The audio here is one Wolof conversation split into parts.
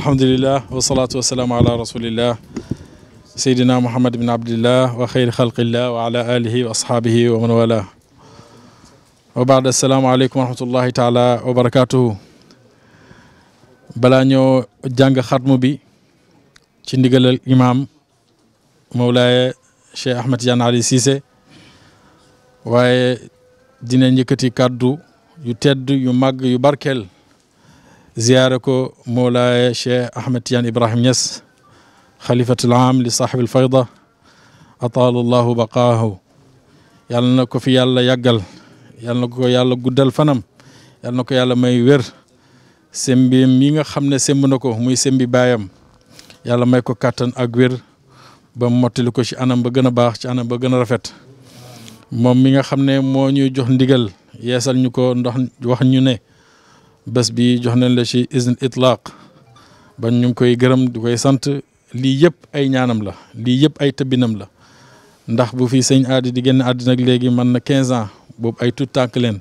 الحمد لله والصلاة والسلام على رسول الله سيدنا محمد بن عبد الله وخير خلق الله وعلى آله وأصحابه ومن والاه وبعد السلام عليكم ورحمة الله تعالى وبركاته بلانيو ñoo jàng بي bi الإمام مولاي imaam أحمد جان علي سيسي وي دينا نيكتي dina njëkkati kàddu يباركل tedd ziyaare ko moolaaye Cheikh Ahmed Tidiane Ibrahim Niass xalifatul aam li saaxibil fayda ataalu llahu baqaahu yàlla na ko fi yàlla yàggal yàlla na ko yàlla guddal fanam yàlla na ko yàlla may wér sembi mi nga xam ne semb na ko muy sembi baayam yàlla may ko kàttan ak wér ba mottali ko ci anam ba gën a baax ci anam ba gën a rafet moom mi nga xam ne moo ñuy jox ndigal yeesal ñu ko ndox wax ñu ne bés bi jox nañ la ci izn itlaaq ban ñu ngi koy gërëm di koy sant lii yëpp ay ñaanam la lii yëpp ay tëbbinam la ndax bu fi sëñ aadi di genn àddina ak léegi mën na 15 ans boobu ay tout tànk leen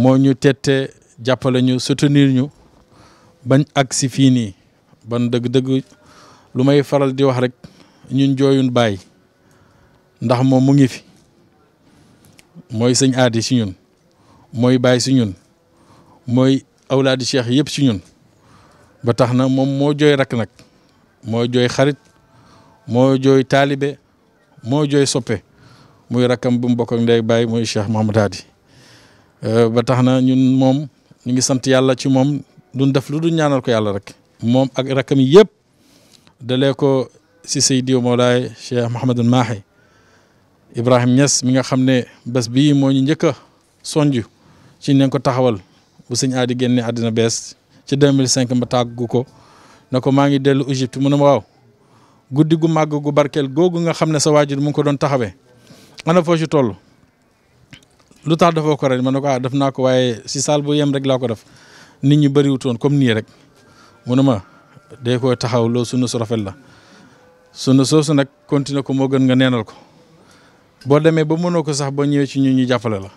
moo ñu tette jàppale ñu soutenir ñu bañ ak si fii nii ban dëgg-dëgg lu may faral di wax rek ñun jooyun baay ndax moom mu ngi fi mooy sëñ aadi si ñun mooy bàyyi si ñun mooy awlaadi cheikh yëpp ci ñun ba tax na moom moo jooy rakk nag moo jooy xarit moo jooy taalibe moo jooy soppe muy rakkam bu mu bokk ak ndey baay muy cheikh Mahamad Hadi euh, ba tax na ñun moom ñu ngi sant yàlla ci moom duñ def lu du ñaanal ko yàlla rek moom ak rakkam yëpp dalee ko si say Seydi Mawlaay cheikh Mahamadul Mahi Ibrahim Niass mi nga xam ne bés bi moo ñu njëkk a sonju ci nañ ko taxawal bu sëñ aadi génne àddina bees ci 2005 ma tàggu ko na ko maa ngi dellu Égypte mu ne ma waaw guddi gu màgg gu barkeel googu nga xam ne sa waajur mu ngi ko doon taxawee ana foo ci toll lu tax defoo ko ren ma na ko ah def naa ko waaye si saal boo yem rek laa ko def nit ñi bëriwutoon comme nii rek mu ne ma dee ko taxaw loo sunu su rafet la sunu soosu nag continuer ko moo gën nga neenal ko boo demee ba mënoo ko sax ba ñëwee ci ñu ñu jàppale la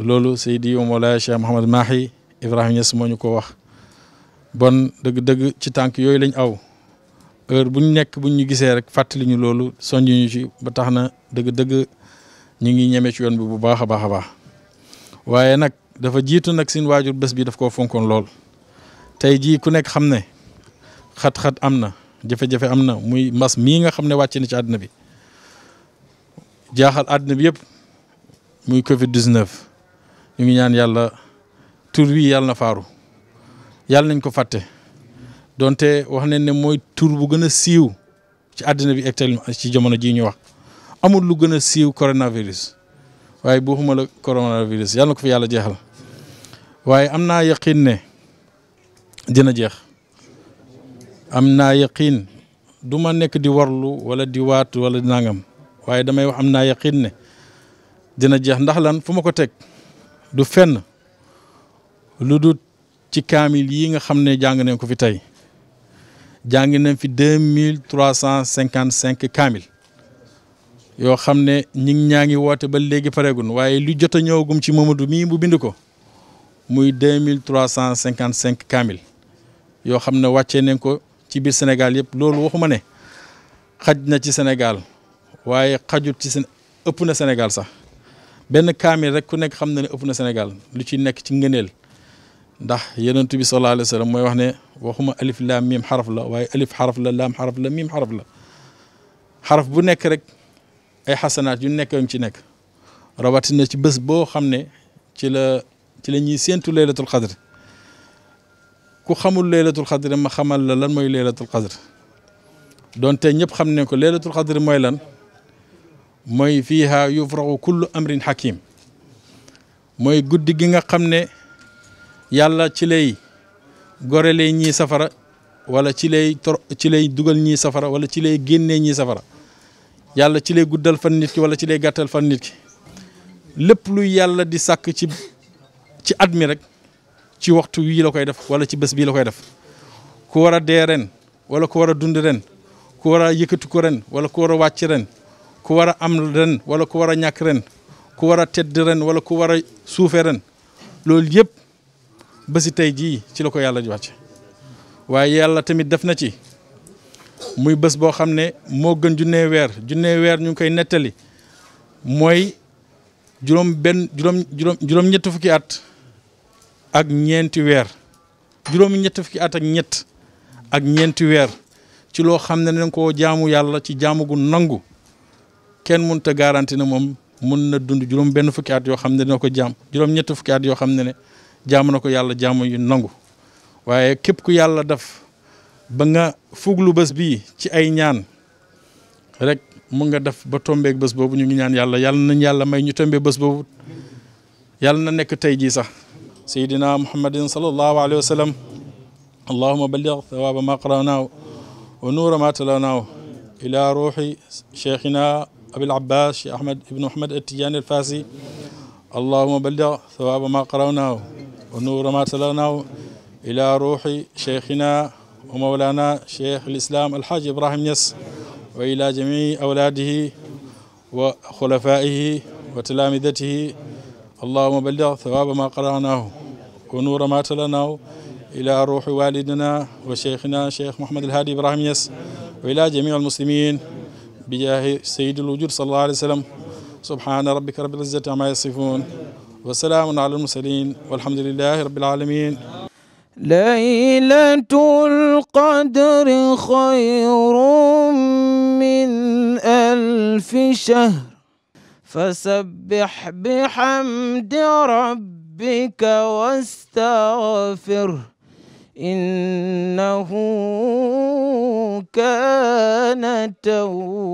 loolu Seydi wa Mawlaaya Cheikh Mouhamed Mahi Ibrahima Niass moo ñu ko wax bon dëgg-dëgg ci tànk yooyu lañ aw heure bu ñu nekk bu ñu gisee rek fàttali ñu loolu soññu ci ba tax na dëgg-dëgg ñu ngi ñeme ci yoon bi bu baax a baax a baax waaye nag dafa jiitu nag seen waajur bés bi daf koo fonkoon lool tey jii ku nekk xam ne xat-xat am na jafe-jafe am na muy mbas mii nga xam ne wàcc na ci àddina bi jaaxal àdduna bi yëpp muy Covid 19. ñu ngi ñaan yàlla tur wi yàlla na faaru yàlla nañ ko fàtte donte wax nañ ne mooy tur bu gën a siiw ci àddina bi actuellement ci jamono jii ñu wax amul lu gën a siiw coronavirus waaye bu waxuma la coronavirus yàlla na ko fi yàlla jeexal waaye am naa yaqin ne dina jeex am naa yaqin du ma nekk di warlu wala di waat wala nangam waaye damay wax am naa yaqin ne dina jeex ndax lan fu ma ko teg. du fenn lu dul ci kaamil yi nga xam ne jàng nañ ko fi tey jàng nañ fi deux mille trois cent cinquante cinq kaamil yoo xam ne ñi ñaa ngi woote ba léegi pareegun waaye lu jot a ñëwagum ci Mamadou mii bu bind ko muy deux mille trois cent cinquante cinq kaamil yoo xam ne wàccee nañ ko ci biir Sénégal yëpp loolu waxuma ne xaj na ci Sénégal waaye xajut ci seen ëpp na Sénégal sax ben kamil rek ku nek xam na ne ëpp na Sénégal lu ci nek ci ngeenel ndax yonent bi sallallahu alayhi wasallam moy wax ne waxuma alif lam mim harf la waaye alif harf la lam harf la mim harf la harf bu nek rek ay hasanat yu nekk ci rawati na ci bés bo xamne ci la ci la ñuy laylatul qadr ku xamul laylatul qadr ma xamal la lan moy laylatul qadr donte ñep xamne ko laylatul qadr moy lan mooy fiiha yufraxu kullu amrin hakim mooy guddi gi nga xam ne yàlla ci lay gorelee ñii safara wala ci lay tor ci lay dugal ñii safara wala ci lay génne ñii safara yàlla ci lay guddal fan nit ki wala ci lay gàttal fan nit ki lépp luy yàlla di sàkk ci ci at mi rek ci waxtu wii la koy def wala ci bés bii la koy def ku war a dee ren wala ku war a dund ren ku war a yëkkati ko ren wala ku war a wàcc ren ku wara am ren wala ku wara ñak ren ku wara tedd ren wala ku wara soufé ren loolu yépp ba ci tay ji ci lako yalla jox ci waye yalla tamit def na ci muy bëss bo xamné mo gën junnee weer junnee weer ñu koy netali moy ben ñett fukki at ak ñenti weer juróom ñett fukki at ak ñett ak ñenti weer ci lo xam gun ko jaamu yalla ci jaamu gu nangu kenn mënut a garanti ne moom mën na dund juróom benn fukki at yoo xam ne noo ko jaam juróom ñett fukki at yoo xam ne ne jaam na ko yàlla jaamu yu nangu waaye képp ku yàlla def ba nga fuglu bés bii ci ay ñaan rek mun nga def ba tombeek bés boobu ñu ngi ñaan yàlla yàlla nañ yàlla may ñu tombee bés boobu yàlla na nekk tey jii sax sayyidina muhammadin sallallahu alayhi wa sallam allahuma balligh thawaaba ma qaranaaw wa nuura ma talanaaw ila ruuxi cheikhina أبي العباس يا أحمد ابن محمد التجاني الفاسي اللهم بلغ ثواب ما قرأناه ونور ما تلوناه إلى روح شيخنا ومولانا شيخ الإسلام الحاج إبراهيم يس وإلى جميع أولاده وخلفائه وتلامذته اللهم بلغ ثواب ما قرأناه ونور ما تلناه إلى روح والدنا وشيخنا شيخ محمد الهادي إبراهيم يس وإلى جميع المسلمين بجاه سيد الوجود صلى الله عليه وسلم سبحان ربك رب العزة عما يصفون وسلام على المرسلين والحمد لله رب العالمين ليلة القدر خير من ألف شهر فسبح بحمد ربك واستغفره إنه كان توابا